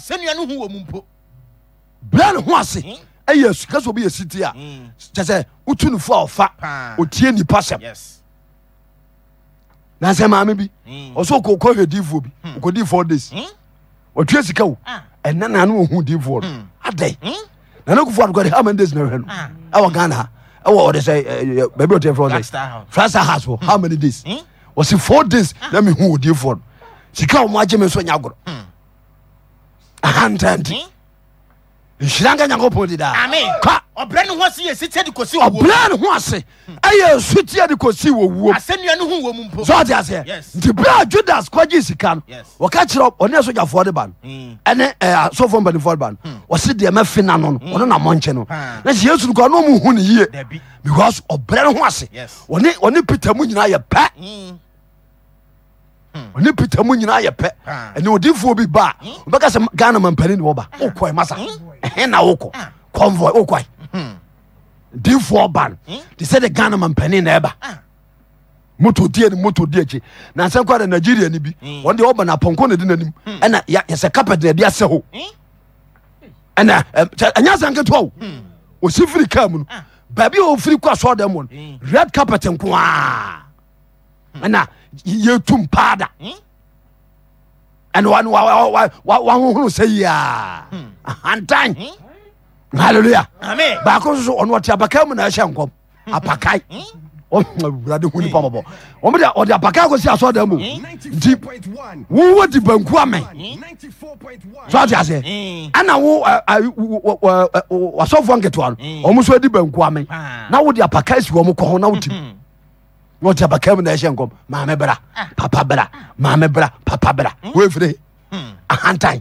braa ne ho ase hmm. ɛyɛ sika sɛ obi yɛ sitie a hmm. kyɛ sɛ wotu no fo a ɔfa ɔtie nipa sɛm nansɛ maame bi hmm. ɔsɛ ɔkɔhwɛ difoɔ bi ɔkɔdi four days ɔtua sika wo ah. ɛna na no ɔhu difoɔ no adɛn nana kufoɔ adokɔde how many days na hwɛ no ah. ɛwɔ ghana ha ɛwɔ ɔde sɛ baabi ɔteɛ frɛ sɛ frasa house hɔ how many days mm? ɔsi four days na mi hu odi fo no sika a wɔn agye mi nso nya agorɔ ahantanti hmm. hmm? nhyira nka nyankopɔn di daa ka ɔbrɛ ne ho ase yɛ sitiɛ de kɔsi wɔ wuo ɔbrɛ ne ho ase ɛyɛ sutiɛ de kɔsi wɔ wuo asɛnnua no ho wɔ mu mpo sɛ ɔte aseɛ Yes. nti berɛ judas kɔgye sika no wɔka kyerɛ ɔne sogyafoɔ de ban. no ɛne ɛɛ, asɔfoɔ mpanifoɔ de ba no ɔse deɛ mɛfe na no no ɔno na mɔnkye no Ah. na sɛ yesu no kora ne because ɔbrɛ ne ho ase Yes. ɔne ɔne peter mu nyinaa yɛ pɛ ɔne peter mu nyinaa yɛ pɛ Ah. ɛne odiifoɔ bi ba a wobɛka sɛ ghana mampani ne wɔba wokɔe masa ɛhe na wokɔ convoy wokɔe difoɔ ba no te sɛ de ghana ma mpani na ɛba moto die ni moto die na nansɛ kɔ de nigeria ni bi wɔn de ɔba na apɔnkɔ na di n'anim ɛna yɛsɛ carpet na ɛde asɛ ho ɛna ɛnyɛ asɛ nketewa o osi firi kaa mu no baabi a ofiri kɔ asɔɔ dɛm wɔ red carpet nkoaa ɛna yɛtum paada ɛna wahohoro sɛ yia ahantan. Hallelujah, halleluya baako nso so ɔno ɔte abakaa mu na ɛhyɛ nkɔm mm-hmm. apakae mm-hmm. wurade hu nipa mɔbɔ wɔn de ɔde abakaa kɔ si asɔda mu mm-hmm. nti wowɔ di banku amɛ so ate aseɛ ɛna wo wasɔfoɔ nketewa no wɔn nso di banku amɛ ah. na wode abakaa si wɔn kɔ ho na wotim na ɔte abakaa mu na ɛhyɛ nkɔm maame bra ah. papa bra maame bra papa bra woefire ahantan.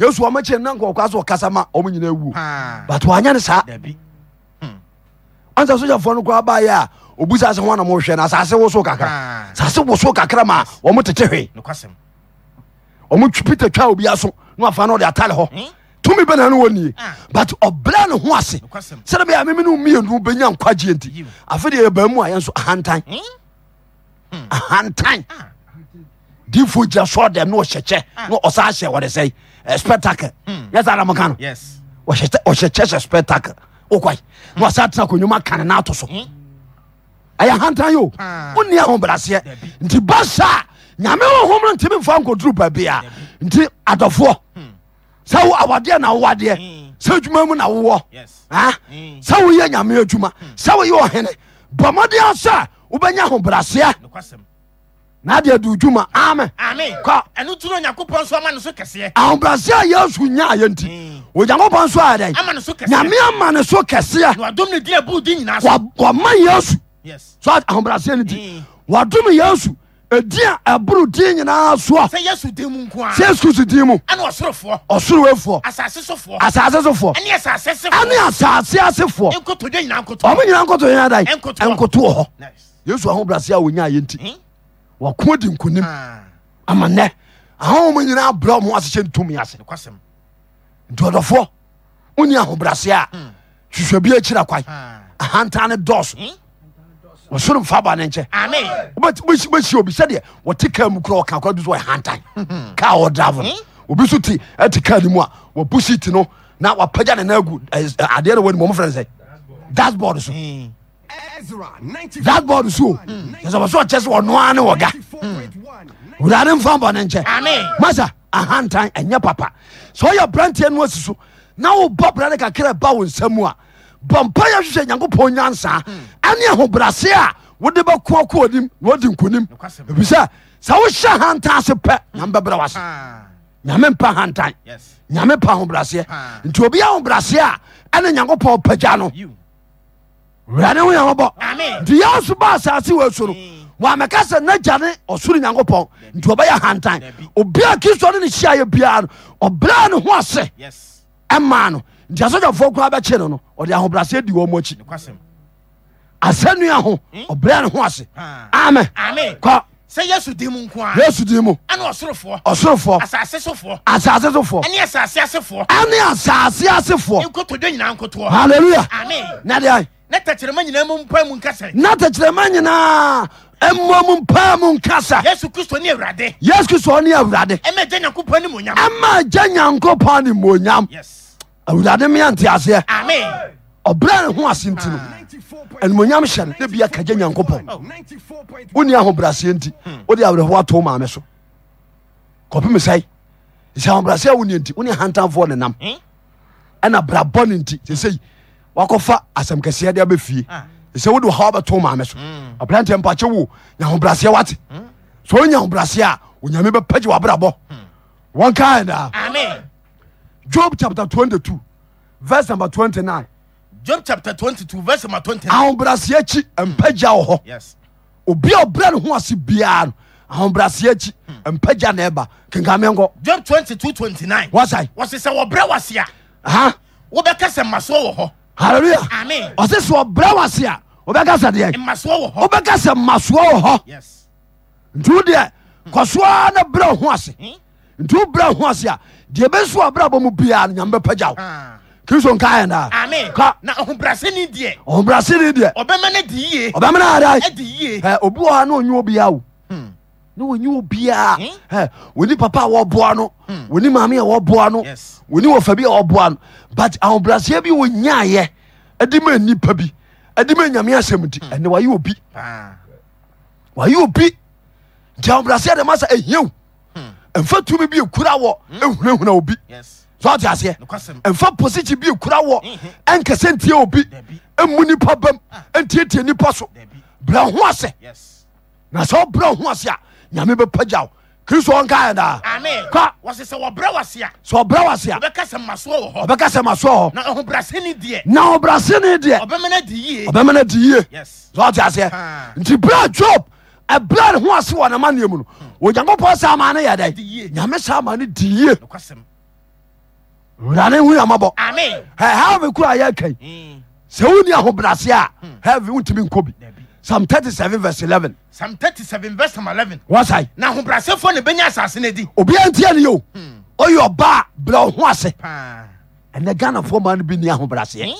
yesu ɔmo hmm. kyɛn na nkɔkɔ so ɔkasa ma ɔmo nyinaa wuo but wanya ne saa ansa sogyafoɔ no koraa baayɛ a obu sase ho anam hwɛ no asase woso kakra sase woso kakra ma ɔmo tete hwee ɔmo peter twa obi aso na wafa na ɔde atale hɔ hmm? tumi bɛ na no wɔnie but ɔbrɛ ne ho ase sɛde bɛyɛ meme no mmienu bɛnya nkwagyeɛ nti afedeɛ yɛbaa mu a yɛnso ahantan hmm? ahantan ah. difoɔ gyina sɔɔ dɛm na ɔhyɛkyɛ ah. na ɔsa hyɛ wɔde sɛe Eh, spectacle hmm. yɛ oh, hmm. saa na mo ka no ɔhyɛ kyɛhyɛ spectacle wokɔe na wɔsa tena akonnwoma kane no ato so ɛyɛ hantan yo wonni ahobraseɛ nti ba saa nyame honhom no ntimi mfa nkɔduru baabi a nti adɔfoɔ sɛ wo awadeɛ na hmm. wowadeɛ sɛ adwuma mu na wowɔ sɛ woyɛ nyame adwuma sɛ woyɛ ɔhene bɔmmɔden sɛ wobɛnya ahobraseɛ amen. Amen. nadeɛ de dwuma ame ahobrɛseɛ a yesu nyaayɛ nti hmm. onyankopɔn nso ayɛ dɛn nyame ama ne so kɛseɛ wɔma yesu so ahobrɛseɛ no nti hmm. wɔdome yesu ɛdin a ɛboro din nyinaa soɔ sɛ yesu kristo din mu ɔsorowefoɔ asase sofoɔ ɛne asase asefoɔ ɔmo nyina nkotodɛ nyinadae ɛnkotoɔ hɔ yesu ahobrɛseɛ a wɔnyaayɛ nti hmm? wɔko di nkonim ah. ama nɛ ahoma nyinaa abra ɔmo ahyehyɛ ntumi ase nti ɔdɔfoɔ woni ahobrɛseɛ a hwehwɛ hmm. bi akyira kwan ah. ahantan ne dɔɔso hmm? ɔsoro mfa ba ne nkyɛ wobɛhyia obi sɛdeɛ wɔte kaa mu kora ɔka kora du so wɔyɛ hantan hmm. kaa wɔdravo no obi so te ɛte kaa no mu a wɔpusi ti no na wapagya ne na agu eh, eh, adeɛ no wɔ nimu ɔmo frɛ sɛ dashboard so that board hmm. so sɛ sɛ wɔsɛ ɔkyɛ sɛ wɔnoa ne wɔga wurade mfa bɔ ne nkyɛ masa ahantan ɛnyɛ papa sɛ ɔyɛ brantiɛ no asi so na wobɔ bra ne kakra ba wo nsa mu a bɔ mpa yɛ hwehwɛ nyankopɔn nyansaa ɛne ahobrɛseɛ a wode bɛko kɔɔnim na wadi nkonim ebisɛ sɛ wohyɛ hantan ase pɛ nyame bɛbrɛ wase nyame mpa hantan nyame pa ahobrɛseɛ nti obi ahobrɛseɛ a ɛne nyankopɔn pagya no wurade ho yɛwɔbɔ nti yesu ba asase wɔ asuo no wɔamɛka sɛ n'agya ne ɔsoro nyankopɔn nti wɔbɛyɛ hantan obia kristo ne ne hyiaeɛ biara no ɔbrɛa ne ho ase ɛmaa no nti asogyafoɔ koraa bɛkye no no ɔde ahobrɛaseɛ di wɔ mu akyi asɛnnua ho hmm? ɔbrɛa ne ho ase amen kɔ sɛ yesu din mu nko a yesu din mu ɛna ɔsorofoɔ ɔsorofoɔ asase sofoɔ asase sofoɔ ɛne asase asefoɔ ɛne asase asefoɔ nkotodwe nyinaa nkotoɔ hallelujah amen na deɛ na tɛkyerɛma nyinaa mu mpa mu ɛmmɔ mu mpaa mu nkasa yesu kristo ne awurade yesu kristo ne awurade ɛma agya nyankopɔn ne monyam ɛma agya nyankopɔn monyam awurade meante aseɛ amen ɔbrɛ ne ho ase nti no ah. animonyam hyɛ no na bi akagya nyankopɔn oh. wonni ahobraseɛ nti wode awerɛhoɔ atoo maame so kɔpem sɛe sɛ ahobraseɛ wonni nti wone ahantamfoɔ ne nam hmm? ɛna brabɔne nti sɛsɛi wakɔfa asɛm kɛseɛ de abɛfie ɛsɛ ah. wode wha wobɛto maame so ɔbrantɛ hmm. mpakyɛ wo nyahobraseɛ wate hmm. sɛ ɔnya hobraseɛ a onyame bɛpagye wabrabɔ hmm. wɔnkaɛ daa job chapter 22 verse number 29 job chapter 22 verse number 29 ahobraseɛ akyi mpagya wɔ hɔ obi a ɔbrɛ ne ho ase biara no ahobraseɛ akyi mpagya na ɛba kenkame nkɔ job 22 29 wasae wɔse sɛ wɔbrɛ wase a wobɛka sɛ mmasoɔ wɔ hɔ Hallelujah. ɔse sɛ ɔbrɛ wo ase a wobɛka sɛ deɛ wobɛka sɛ mmasoɔ wɔ hɔ nti wo deɛ kɔsoa na brɛ ho ase hmm? nti wo brɛ ho ase a deɛ bɛso abrɛ bɔ mu biaa no nyame bɛpagya wo ah. kristo nka yɛ naa ɔhobrasene deɛ ɔbɛmɛ no adiyiye obi wɔ ha na ɔnyɛ obiaa na wɔnyi wo biaa hmm? wɔni papa a wɔboa no hmm. wɔni maame a wɔboa no wɔni wɔfa bi a wɔboa no but ahobraseɛ bi wɔnyaayɛ ɛde ma nnipa bi ɛde ma nyame asɛm nti hmm. ɛnɛ wayɛ obi ah. wayɛ obi nti ahobraseɛ dɛma sa ɛhia ɛmfa tumi bi ekura wɔ ehunahuna obi so ɔte aseɛ ɛmfa posikyi bi ekura wɔ mhm. ɛnkɛsɛ ntie obi emu nipa bam ah. ɛntietie nipa so brɛ ho ase na sɛ ɔbrɛ ho ase a nyame bɛpagyaw kristo ɔnkaɛ daa sɛ ɔbrɛ wasebɛka sɛ masoɔ hɔ na ɔbrasene deɛ ɔbɛmana di yie sɛ ɔte aseɛ nti berɛ job ɛberɛ ne ho ase wɔ namanneɛ mu no onyankopɔn saa ma no yɛ dɛn nyame saa ma no di yie wurane hu yamabɔ have kura yɛ kai sɛ wonni ahobraseɛ a have wontumi nkɔ bi psalm thirty seven verse eleven. psalm thirty seven verse eleven. wọ́n sáyé. na ahobrasefo ni bẹ́ẹ̀ ní asase náà di. obi ẹ̀ ń tiẹ̀ ni o ó yọ ọba bla ọ̀hún ase ẹnẹ ghana fún ọmọ bi ní ahobrase hmm?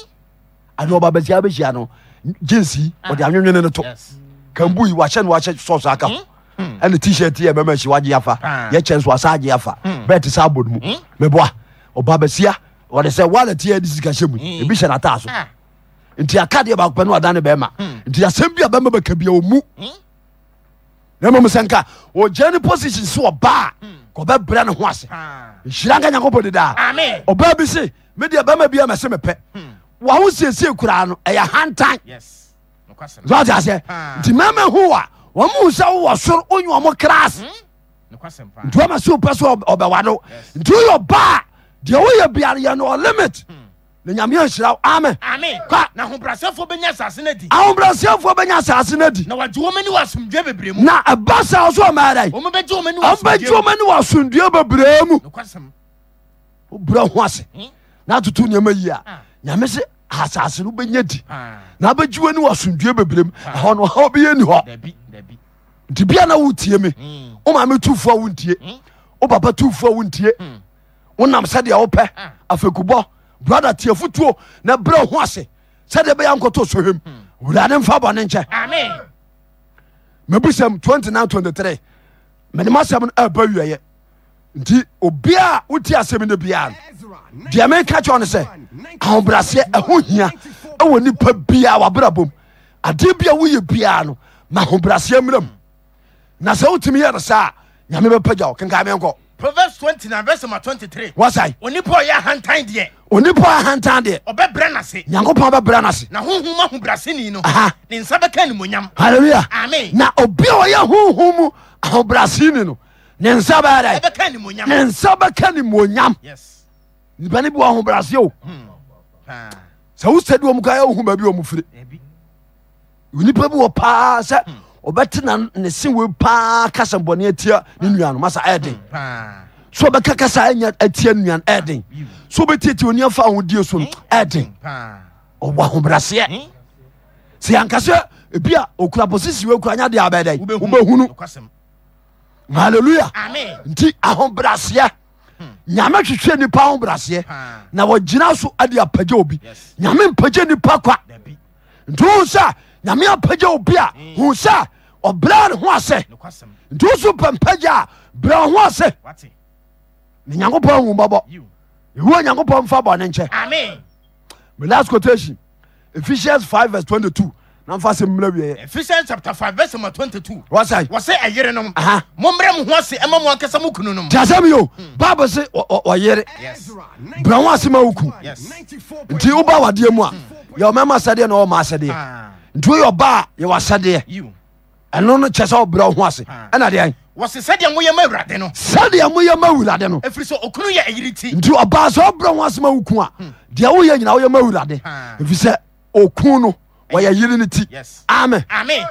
àti ọba bẹsẹ abẹsẹ àná jeans ah. ọdẹ anwinwin ni to kambu yi wàhyẹ ni wàhyẹ sọọsọ aka hmm? Hmm. ẹni t-shirt yẹ bẹẹ ma ṣe wàá jẹ afa yẹ kyẹn so asa jẹ afa bẹẹ ti sá abọ ni mu mẹ bọ a ọba bẹsẹ ọdẹ sẹ wàhálà tiẹ disi sika ṣe mu ebi hyẹ n'ata so. Ah nti akadeɛ baakopɛ ne wadane bɛma hmm. nti asɛm bi a bɛma bɛka bia ɔmu hmm? na mmom sɛ nka ɔgya ne position sɛ ɔbaa hmm. ɔbɛbrɛ ne ho ase ah. nhyira nka nyankopɔn dedaa ɔbaa bi se medeɛ bɛma bia mɛse mepɛ waho siesie koraa no ɛyɛ hantan sɛ aseɛ ah. nti mɛma ho a wɔmo sɛ wowɔ soro wonyɛ ɔmo kras nti wama sɛ wopɛ so ɔbɛwa no nti woyɛ ɔbaa deɛ woyɛ biara yɛ no ɔ limit na nyame ahyira wo amen ame na ahobrɛsɛfoɔ bɛnya asase no adi ahobrɛseɛfoɔ bɛnya asase no na wɔagye wɔmani wɔ asomdwa na ɛba sa wo so ɔmaadai ɔmobɛgye wɔmani ɔmbɛgye wɔmani wɔ asomdua bebree mu wobrɛ ho ase na atoto nneɛma yi a ah. nyame se asase no wobɛnya di ah. na wobɛgye w'ani wɔ asomdua bebree mu ah. ɛhɔ no ɔha wobɛyɛ ni hɔ nti bia na wotie me wo maame tufoɔ wontie wo papa tufoɔ wontie hmm. wonam sɛdeɛ wopɛ afekubɔ brat tiafoto abraos ak mabisa 223 memsɛm bawyɛ ti i wotsmi meka horsɛotumi yesa apaaa sonipa ahantadeɛ nyankopɔn bɛbrɛ no asena obia ɔyɛ hoho mu ahobrase ni no ne nsa nsa bɛka ne muoyam nipa ne biwɔahobraseɛ o hmm. sɛ wosadiɔ maɛwohu baabi ɔ mu frɛ onipa bi wɔ paasɛ hmm. ɔbɛtena ne se wei paa kasa bɔne atia ne nuanom sa ɛden so ɔbɛka kasa ɛnya atia nuan ɛden so ɔbɛtiatia oniafa ahodie so no ɛden ɔwɔ ahobraseɛ sɛ yɛnka sɛ ebi a okura posisi wei kura nyade abɛdɛ wobɛhunu hallelujah nti ahobraseɛ hmm. nyame hwehwɛ nipa ahobraseɛ na wɔgyina so ade apagya obi nyame mpagya nipa kwa nti wohu sɛ nyame apagya obi a mm. hu sɛ ɔbrɛ ne ho asɛ nti woso pampagya a brɛ wo ho asɛ ne nyankopɔn hu bɔbɔ ɛwua nyankopɔn mfa bɔne nkyɛ my last quotation ephesians 5 verse 22 namfa sɛ mmra wieɛ ephesians chapter 5 verse number 22 wɔsɛ wɔsɛ ɛyerenom mommrɛ mo ho ase ɛma mo ankasa mo kunu yo mm. bible se ɔyere brɛ ho ase ma wo ku nti woba wadeɛ mu a mm. yɛ sɛdeɛ na ɔma asɛdeɛ ah nti woyɛ ɔba a yɛwɔ asɛdeɛ ɛno no kyɛ sɛ wobrɛ wo ho ase ɛna deɛ wɔse sɛdeɛ moyɛ ma awurade no sɛdeɛ moyɛ ma awurade no ɛfiri sɛ ɔkunu yɛ ayiri ti nti ɔbaa sɛ wobrɛ ho ase ma wo ku a hmm. deɛ woyɛ nyina woyɛ ma awurade ɛfiri sɛ ɔku no wɔyɛ yiri ne ti amen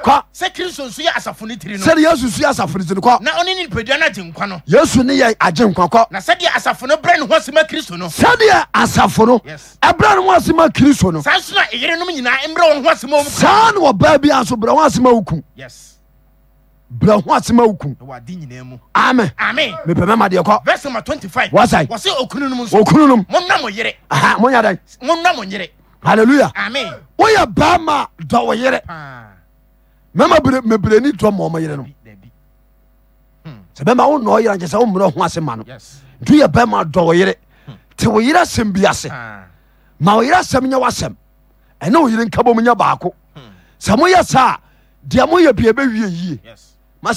kɔ sɛ kristo nso yɛ asafo ne tiri no sɛde yesu nso yɛ asafo ne tiri kɔ na ɔne ni nipadua no agye nkwa no yesu ne yɛ agye nkwa kɔ na sɛdeɛ asafo no brɛ ne ho ase ma kristo no sɛdeɛ asafo no ɛbrɛ ne ho ase ma kristo no saa nso na yerenom nyinaa mbrɛ wɔn ho ase ma wɔn saa na ɔbaa bi nso brɛ ho ase ma wo kum brɛ ho ase ma wo kum amen mepɛ mɛma deɛ kɔ wɔsae okunu nom monna mo yere alleluya woyɛ bama dowoyere mebrni err yer sɛmbiase ma oyer sɛm yɛwsɛm neoyer kayaako sɛ moyɛ sa moy biamsmmee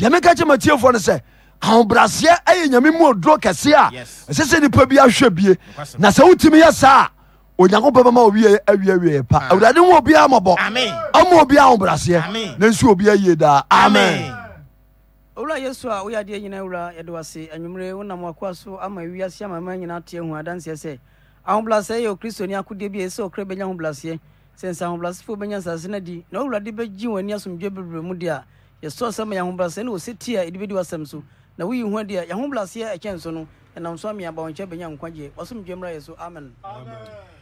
banmeakmatiefns ahobraseɛ ɛyɛ nyame mu oduro kɛseɛ a ɛsɛ sɛ nipa bi ahwɛ bie na sɛ wotumi yɛ saa a onyankopɔn bɛma owie awiewie pa ah. awurade ho obiaa mɔbɔ ama obiaa ahobraseɛ na nso obi ayie daa amen owura yesu a woyɛ adeɛ nyina wura yɛde wase anwummere wonam wakoa so ama wiase amama nyina teɛ hu adanseɛ sɛ ahobraseɛ yɛ okristoni akodeɛ bi ɛsɛ ɔkra bɛnya ahobraseɛ sɛ nsa ahobrasefoɔ bɛnya nsase no adi na owurade bɛgye w'ani asomdwe bebrɛ mu deɛ a yɛsɔɔ sɛ ma yɛ ahobraseɛ ne wɔ sɛ ti a ɛde bɛdi w'asɛm so na woyi ho deɛ yɛho blaseɛ ɛkyɛn so no ɛnam so ame aba wo nkyɛ bɛnya nkwagyeɛ wɔsom yɛ so amen, amen. amen.